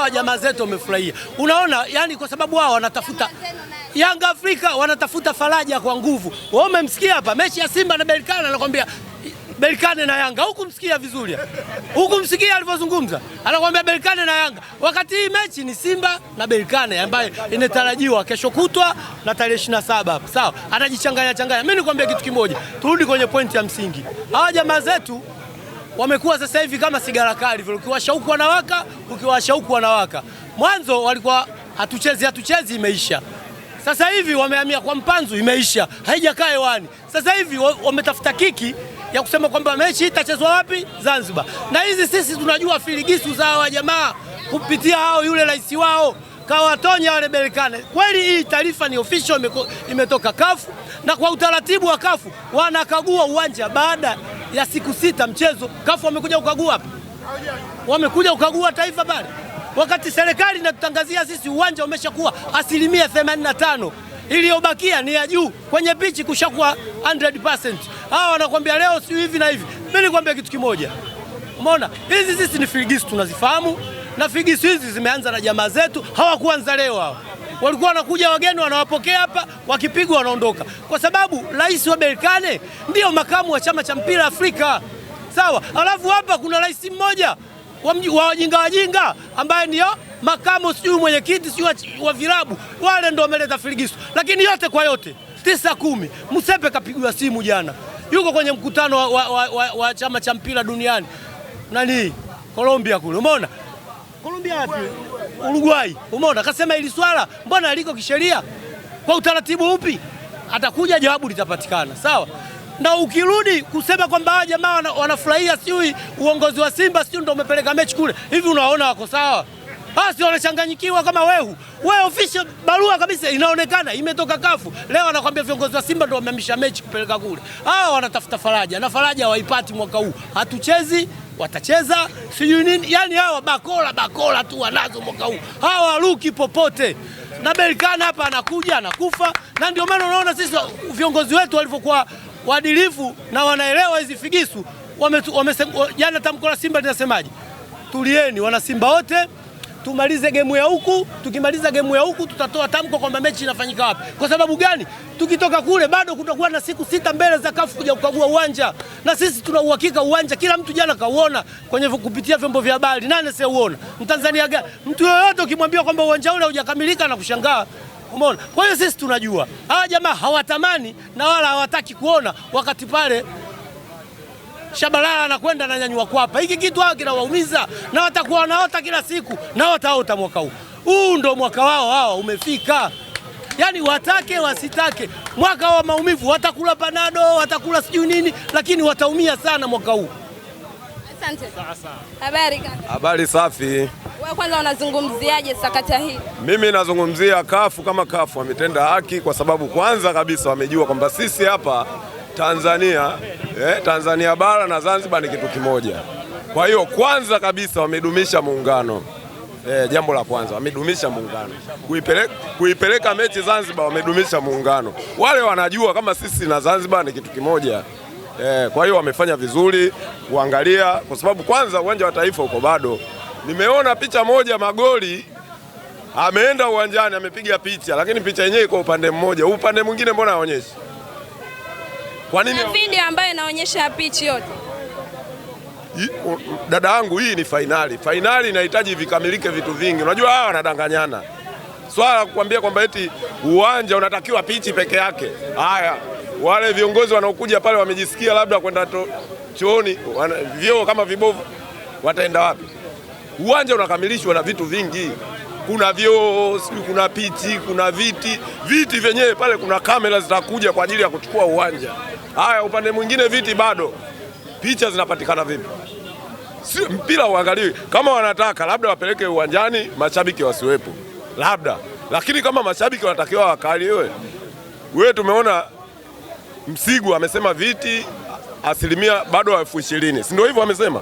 hawa jamaa zetu wamefurahia. Unaona, yani kwa sababu wao wanatafuta Yanga Afrika wanatafuta faraja kwa nguvu. Wewe umemsikia hapa mechi ya Simba na Berkane anakwambia Berkane na Yanga huku msikia vizuri, huku msikia alivyozungumza, anakuambia Berkane na Yanga, wakati hii mechi ni Simba na Berkane ambayo inatarajiwa kesho kutwa na tarehe 27 hapa. Sawa, anajichanganya changanya. Mimi nikwambia kitu kimoja, turudi kwenye pointi ya msingi, hawa jamaa zetu wamekuwa sasa hivi kama sigara kali vile, ukiwasha huku wanawaka, ukiwasha huku wanawaka. Mwanzo walikuwa hatuchezi hatuchezi, imeisha. Sasa hivi wamehamia kwa mpanzu, imeisha, haijakaa hewani. Sasa hivi wametafuta kiki ya kusema kwamba mechi itachezwa wapi? Zanzibar. Na hizi sisi tunajua filigisu za hawa jamaa kupitia hao, yule rais wao kawatonya wale Berkane. Kweli hii taarifa ni official, imetoka kafu na kwa utaratibu wa kafu wanakagua uwanja baada ya siku sita mchezo kafu wamekuja kukagua hapa, wamekuja kukagua taifa pale, wakati serikali inatutangazia sisi uwanja umeshakuwa asilimia 85 iliyobakia ni ya juu kwenye pichi kushakuwa 100%. Hawa wanakwambia leo si hivi na hivi. Mimi nikwambia kitu kimoja, umeona hizi sisi ni figisu tunazifahamu, na figisu hizi zimeanza na jamaa zetu, hawakuanza leo hawa walikuwa wanakuja wageni wanawapokea hapa, wakipigwa wanaondoka, kwa sababu rais wa Berkane ndiyo makamu wa chama cha mpira Afrika, sawa. Alafu hapa kuna rais mmoja wa wajinga wajinga ambaye ndiyo makamu sijui mwenyekiti sijui wa vilabu, wale ndo wameleta filigiso. Lakini yote kwa yote tisa kumi, Msepe kapigwa simu jana, yuko kwenye mkutano wa, wa, wa, wa, wa chama cha mpira duniani nani Colombia kule, umeona Colombia wapi? Uruguay. Umeona akasema ili swala mbona aliko kisheria, kwa utaratibu upi? Atakuja jawabu litapatikana, sawa na ukirudi kusema kwamba hawa jamaa wanafurahia sijui uongozi wa Simba sijui ndio umepeleka mechi kule, hivi unawaona wako sawa? Basi wanachanganyikiwa kama wehu we Official barua kabisa inaonekana imetoka kafu leo, anakwambia viongozi wa Simba ndio wamehamisha mechi kupeleka kule. Hawa wanatafuta faraja na faraja hawaipati mwaka huu, hatuchezi watacheza sijui nini, yani hawa bakola bakola tu wanazo mwaka huu, hawa ruki popote na Berkane hapa anakuja anakufa, na ndio maana unaona sisi viongozi wetu walivyokuwa waadilifu na wanaelewa hizi figisu. Jana tamko la Simba linasemaje? Tulieni wanasimba wote tumalize gemu ya huku. Tukimaliza gemu ya huku, tutatoa tamko kwamba mechi inafanyika wapi. Kwa sababu gani? Tukitoka kule bado kutakuwa na siku sita mbele za kafu kuja kukagua uwanja, na sisi tuna uhakika uwanja, kila mtu jana kauona kwenye kupitia vyombo vya habari. Nani siuona mtanzania gani? Mtu yoyote ukimwambia kwamba uwanja ule hujakamilika na kushangaa Umeona? Kwa hiyo sisi tunajua hawa jamaa hawatamani na wala hawataki kuona wakati pale Shabalala anakwenda nyanyua kwapa. Hiki kitu hao kinawaumiza na watakuwa wanaota kila siku na wataota mwaka huu. Huu ndo mwaka wao hawa umefika. Yaani watake wasitake, mwaka wa maumivu, watakula panado, watakula sijui nini, lakini wataumia sana mwaka huu. Asante. Habari kaka. Habari safi. Wewe kwanza unazungumziaje sakata hii? Mimi nazungumzia kafu kama kafu wametenda haki, kwa sababu kwanza kabisa wamejua kwamba sisi hapa Tanzania eh, Tanzania bara na Zanzibar ni kitu kimoja. Kwa hiyo kwanza kabisa wamedumisha muungano eh, jambo la kwanza wamedumisha muungano, kuipeleka, kuipeleka mechi Zanzibar wamedumisha muungano. Wale wanajua kama sisi na Zanzibar ni kitu kimoja eh, kwa hiyo wamefanya vizuri kuangalia, kwa sababu kwanza uwanja wa taifa uko bado. Nimeona picha moja magoli ameenda uwanjani amepiga picha, lakini picha yenyewe iko upande mmoja, upande mwingine mbona haonyeshi? Kwa nini video ambayo inaonyesha pitch yote? Dada yangu, hii ni fainali. Fainali inahitaji vikamilike vitu vingi. Unajua hawa wanadanganyana swala la kukwambia kwamba eti uwanja unatakiwa pichi peke yake. Haya, wale viongozi wanaokuja pale wamejisikia labda kwenda chooni, vyoo kama vibovu, wataenda wapi? Uwanja unakamilishwa na vitu vingi, kuna vyoo, sijui kuna pichi, kuna viti. Viti vyenyewe pale, kuna kamera zitakuja kwa ajili ya kuchukua uwanja. Haya, upande mwingine viti bado, picha zinapatikana vipi? Si mpira uangaliwi. Kama wanataka labda wapeleke uwanjani, mashabiki wasiwepo labda, lakini kama mashabiki wanatakiwa wakaliwe, wewe tumeona Msigu amesema viti asilimia bado elfu ishirini, si ndio hivyo amesema?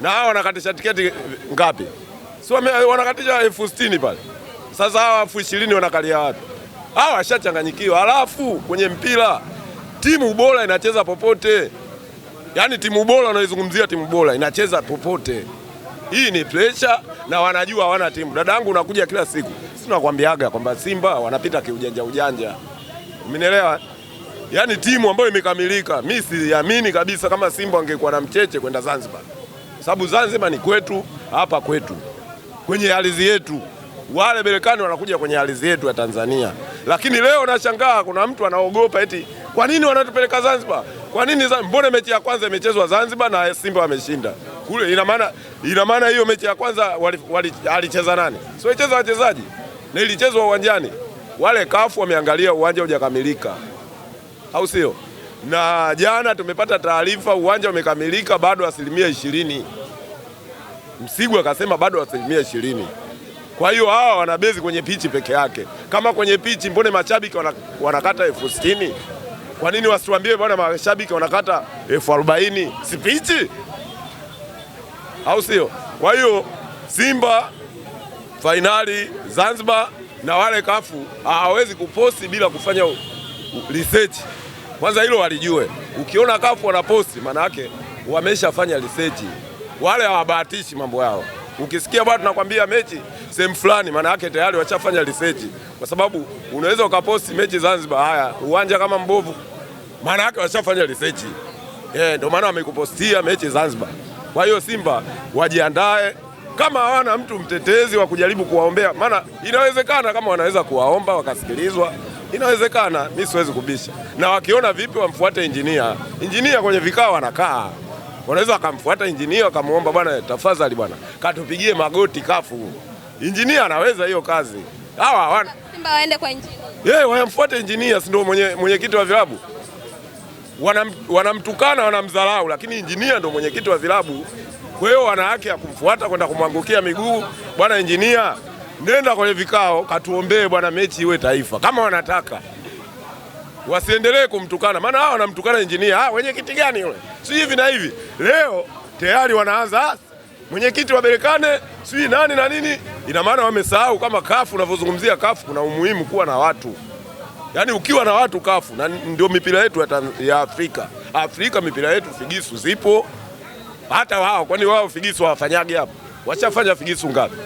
Na hawa wanakatisha tiketi ngapi? Si wanakatisha elfu sitini pale. Sasa hawa elfu ishirini wanakalia wapi? Hawa washachanganyikiwa. Halafu kwenye mpira timu bora inacheza popote, yaani timu bora unaizungumzia, timu bora inacheza popote. Hii ni pressure na wanajua hawana timu. Dadangu, unakuja kila siku, Sisi nakwambiaga kwamba Simba wanapita kiujanja ujanja, umenielewa? Yaani timu ambayo imekamilika, mi siamini kabisa kama Simba wangekuwa na mcheche kwenda Zanzibar, sababu Zanzibar ni kwetu, hapa kwetu, kwenye ardhi yetu. Wale belekani wanakuja kwenye ardhi yetu ya Tanzania, lakini leo nashangaa kuna mtu anaogopa eti kwa nini wanatupeleka Zanzibar? Kwa nini? Mbona mechi ya kwanza imechezwa Zanzibar na Simba wameshinda kule? Ina maana ina maana hiyo mechi ya kwanza wali, wali, alicheza nani? Sio icheza wachezaji, na ilichezwa uwanjani. Wale kafu wameangalia uwanja hujakamilika, au sio? Na jana tumepata taarifa uwanja umekamilika bado asilimia ishirini. Msigu akasema bado asilimia ishirini. Kwa hiyo hawa wanabezi kwenye pichi peke yake. Kama kwenye pichi, mbone mashabiki wanakata elfu sitini? Kwa nini wasituambie bwana, mashabiki wanakata elfu arobaini spichi au sio? Kwa hiyo Simba fainali Zanzibar, na wale kafu hawawezi kuposti bila kufanya research kwanza, hilo walijue. Ukiona kafu wanaposti, maana yake wameshafanya research, wale hawabahatishi mambo yao. Ukisikia bwana, tunakwambia mechi sehemu fulani, maana yake tayari washafanya research, kwa sababu unaweza ukaposti mechi Zanzibar, haya uwanja kama mbovu, maana yake washafanya research eh, ndio maana wamekupostia mechi Zanzibar. Kwa hiyo Simba wajiandae kama hawana mtu mtetezi wa kujaribu kuwaombea, maana inawezekana kama wanaweza kuwaomba wakasikilizwa, inawezekana. Mi siwezi kubisha, na wakiona vipi wamfuate injinia. Injinia kwenye vikao wanakaa wanaweza wakamfuata injinia wakamwomba, bwana tafadhali, bwana katupigie magoti kafu. Injinia anaweza hiyo kazi. Hawa hawana. Simba waende kwa injinia. Yeye wayamfuate injinia, si ndio mwenye mwenyekiti wa vilabu. Wanam, wanamtukana wanamdharau, lakini injinia ndio mwenyekiti wa vilabu. Kwa hiyo wana haki ya kumfuata kwenda kumwangukia miguu, bwana injinia, nenda kwenye vikao katuombee bwana, mechi iwe taifa kama wanataka wasiendelee kumtukana, maana hao wanamtukana injinia. Ah, kiti gani yule? Si hivi na hivi. Leo tayari wanaanza mwenyekiti wa Berekane, si nani na nini Ina maana wamesahau kama kafu, unavyozungumzia kafu, kuna umuhimu kuwa na watu, yaani ukiwa na watu kafu, na ndio mipira yetu ya, Afrika. Afrika mipira yetu figisu zipo, hata wao. Kwani wao figisu hawafanyagi hapo? Washafanya figisu ngapi?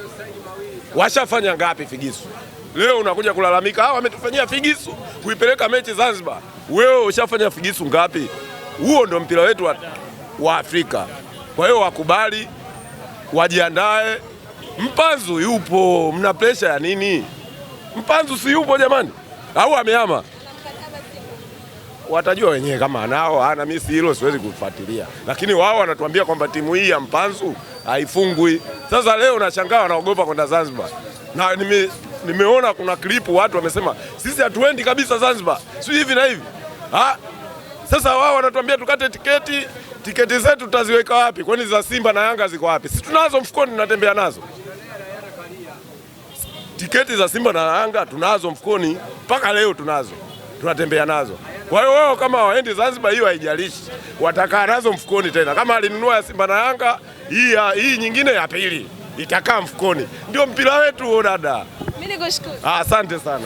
Washafanya ngapi figisu? Leo unakuja kulalamika hao ah, wametufanyia figisu kuipeleka mechi Zanzibar. Wewe ushafanya figisu ngapi? Huo ndio mpira wetu wa, wa Afrika. Kwa hiyo wakubali, wajiandae. Mpanzu yupo, mna presha ya nini? Mpanzu si yupo jamani, au amehama? Watajua wenyewe kama anao ana. Mimi si hilo siwezi kufuatilia, lakini wao wanatuambia kwamba timu hii ya Mpanzu haifungwi. Sasa leo nashangaa wanaogopa kwenda Zanzibar na nime, nimeona kuna klipu watu wamesema sisi hatuendi kabisa Zanzibar, si hivi na hivi ha? Sasa wao wanatuambia tukate tiketi tiketi zetu tutaziweka wapi? Kwani za Simba na Yanga ziko wapi? Si tunazo mfukoni, tunatembea nazo tiketi za Simba na Yanga tunazo mfukoni mpaka leo, tunazo tunatembea nazo. Kwa hiyo wao kama waendi Zanzibar, hiyo haijalishi, watakaa nazo mfukoni. Tena kama alinunua ya Simba na Yanga hii, hii nyingine ya pili itakaa mfukoni. Ndio mpira wetu dada. Mimi nikushukuru. Asante sana.